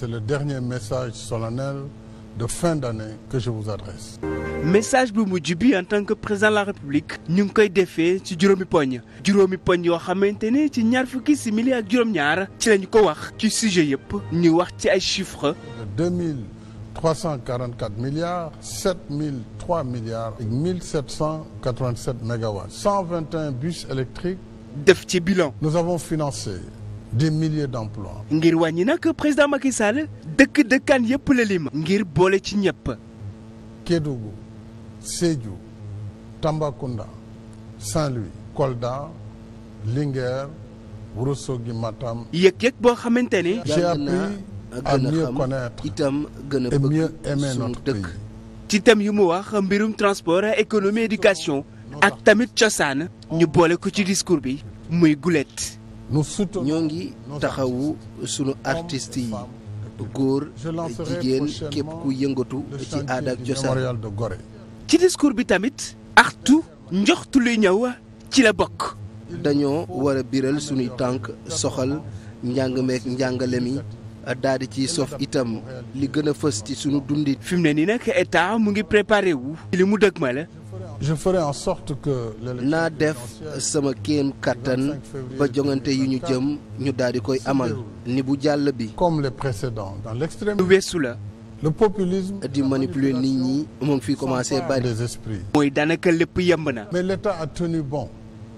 c'est le dernier message solennel de fin d'année que je vous adresse. mujj bi en tant que président de ñu ngi koy defee ci juróomi poñ juróomi yoo xamante ne ci ñaar fukki simili ak juróom-ñaar ko wax ci sujet yëpp ñu wax ci ay chiffres. deux mille trois cent quarante quatre milliards sept mille trois milliards et mille sept cent quatre vingt sept mégawatts. cent vingt un bus def ci bilan. nous avons des milliers d'emplois. ngir wàññi nag président Macky Sall dëkk dëkkaan yëpp la lim. ngir boole ci ñëpp. Kédougou Sédhiou Tambacounda Saint-Louis Kolda Linguère Ourossogui Matam. yëg-yëg boo xamante ne. j'ai appris à mieux connaître itam gën ci thème yu mu wax mbirum transport économie éducation ak tamit cosaan ñu boole ko ci discours bi muy gulet. ñoo ngi taxawu sunu artistes yi góor jigéen képp ku yëngatu ci aada ak cosaan ci discours bi tamit artu njoxtu luy ñëw ci la bokk dañoo war a biral sunuy tànk soxal njàng meek njàngale mi daal di ci sof itam li gën a fës ci sunu dundit fi mu ne nii nag état mu ngi préparé wu li mu dëgmale je ferai en sorte que naa def sama kéem kàttan ba jongante yi ñu jëm ñu daal di koy amal ni bu jàll bi comme les précédents dans l'extrême lu weesu la le populisme di manipuler nit ñi mu ngi fi commencé bari des esprits mooy daanaka lépp yemb na mais l'état a tenu bon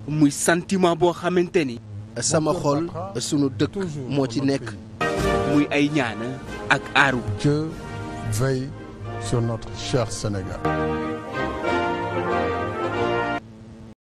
muy santiment boo xamante ni sama xol sunu dëkk moo ci nekk muy ay ñaan ak aaru Dieu veille sur notre cher Sénégal